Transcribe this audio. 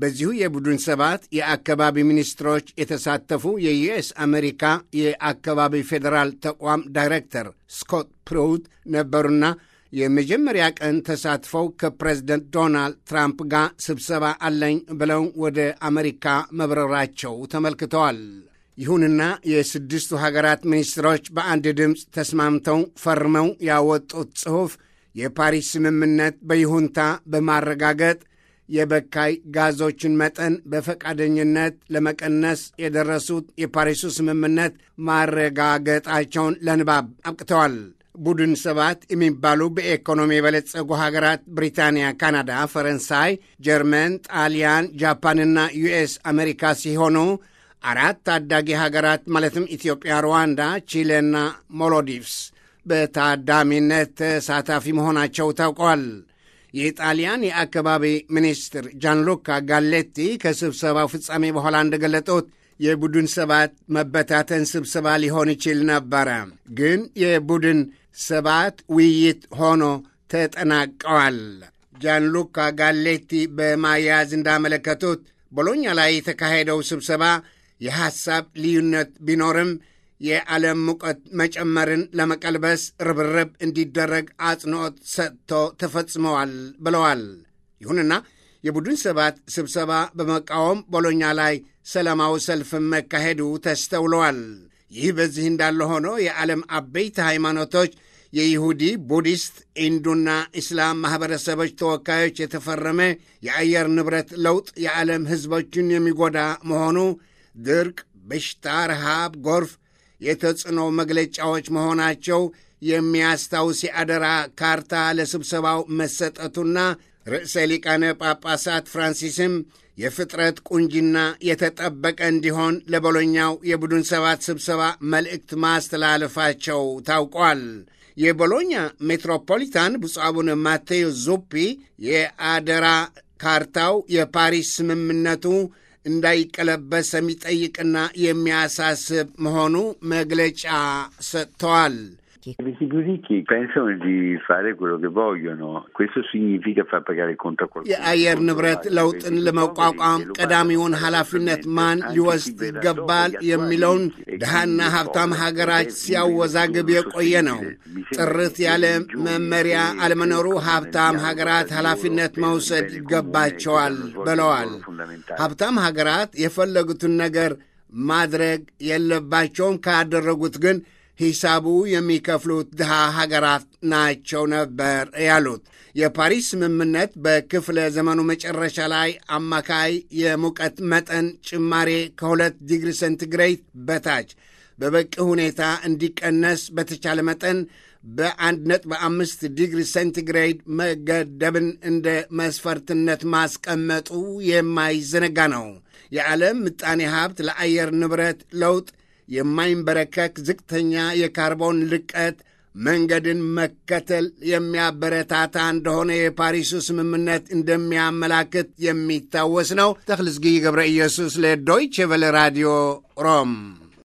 በዚሁ የቡድን ሰባት የአካባቢ ሚኒስትሮች የተሳተፉ የዩኤስ አሜሪካ የአካባቢ ፌዴራል ተቋም ዳይሬክተር ስኮት ፕሩት ነበሩና የመጀመሪያ ቀን ተሳትፈው ከፕሬዝደንት ዶናልድ ትራምፕ ጋር ስብሰባ አለኝ ብለው ወደ አሜሪካ መብረራቸው ተመልክተዋል። ይሁንና የስድስቱ ሀገራት ሚኒስትሮች በአንድ ድምፅ ተስማምተው ፈርመው ያወጡት ጽሑፍ የፓሪስ ስምምነት በይሁንታ በማረጋገጥ የበካይ ጋዞችን መጠን በፈቃደኝነት ለመቀነስ የደረሱት የፓሪሱ ስምምነት ማረጋገጣቸውን ለንባብ አብቅተዋል። ቡድን ሰባት የሚባሉ በኢኮኖሚ የበለጸጉ ሀገራት ብሪታንያ፣ ካናዳ፣ ፈረንሳይ፣ ጀርመን፣ ጣሊያን፣ ጃፓንና ዩኤስ አሜሪካ ሲሆኑ አራት ታዳጊ ሀገራት ማለትም ኢትዮጵያ፣ ሩዋንዳ፣ ቺሌና ሞሎዲቭስ በታዳሚነት ተሳታፊ መሆናቸው ታውቀዋል። የጣሊያን የአካባቢ ሚኒስትር ጃንሉካ ጋሌቲ ከስብሰባው ፍጻሜ በኋላ እንደገለጡት የቡድን ሰባት መበታተን ስብሰባ ሊሆን ይችል ነበረ፣ ግን የቡድን ሰባት ውይይት ሆኖ ተጠናቀዋል። ጃንሉካ ጋሌቲ በማያያዝ እንዳመለከቱት ቦሎኛ ላይ የተካሄደው ስብሰባ የሐሳብ ልዩነት ቢኖርም የዓለም ሙቀት መጨመርን ለመቀልበስ ርብርብ እንዲደረግ አጽንዖት ሰጥቶ ተፈጽመዋል ብለዋል። ይሁንና የቡድን ሰባት ስብሰባ በመቃወም ቦሎኛ ላይ ሰላማዊ ሰልፍን መካሄዱ ተስተውለዋል። ይህ በዚህ እንዳለ ሆኖ የዓለም አበይት ሃይማኖቶች የይሁዲ፣ ቡዲስት፣ ኢንዱና ኢስላም ማኅበረሰቦች ተወካዮች የተፈረመ የአየር ንብረት ለውጥ የዓለም ሕዝቦችን የሚጎዳ መሆኑ ድርቅ፣ በሽታ፣ ረሃብ፣ ጎርፍ የተጽዕኖ መግለጫዎች መሆናቸው የሚያስታውስ የአደራ ካርታ ለስብሰባው መሰጠቱና ርዕሰ ሊቃነ ጳጳሳት ፍራንሲስም የፍጥረት ቁንጅና የተጠበቀ እንዲሆን ለቦሎኛው የቡድን ሰባት ስብሰባ መልእክት ማስተላለፋቸው ታውቋል። የቦሎኛ ሜትሮፖሊታን ብፁዕ አቡነ ዙፒ የአደራ ካርታው የፓሪስ ስምምነቱ እንዳይቀለበስ የሚጠይቅና የሚያሳስብ መሆኑ መግለጫ ሰጥተዋል። Bicicchi. I Bicicchi pensano di fare quello che vogliono. Questo significa far pagare conto a qualcuno. የአየር ንብረት ለውጥን ለመቋቋም ቀዳሚውን ኃላፊነት ማን ሊወስድ ይገባል የሚለውን ድሃና ሀብታም ሀገራች ሲያወዛግብ የቆየ ነው። ጥርት ያለ መመሪያ አለመኖሩ ሀብታም ሀገራት ኃላፊነት መውሰድ ይገባቸዋል ብለዋል። ሀብታም ሀገራት የፈለጉትን ነገር ማድረግ የለባቸውም። ካደረጉት ግን ሂሳቡ የሚከፍሉት ድሃ ሀገራት ናቸው ነበር ያሉት። የፓሪስ ስምምነት በክፍለ ዘመኑ መጨረሻ ላይ አማካይ የሙቀት መጠን ጭማሬ ከሁለት ዲግሪ ሴንቲግሬድ በታች በበቂ ሁኔታ እንዲቀነስ በተቻለ መጠን በ1.5 ዲግሪ ሴንቲግሬድ መገደብን እንደ መስፈርትነት ማስቀመጡ የማይዘነጋ ነው። የዓለም ምጣኔ ሀብት ለአየር ንብረት ለውጥ የማይንበረከክ ዝቅተኛ የካርቦን ልቀት መንገድን መከተል የሚያበረታታ እንደሆነ የፓሪሱ ስምምነት እንደሚያመላክት የሚታወስ ነው። ተክልጽጊ ገብረ ኢየሱስ ለዶይቼ ቬለ ራዲዮ ሮም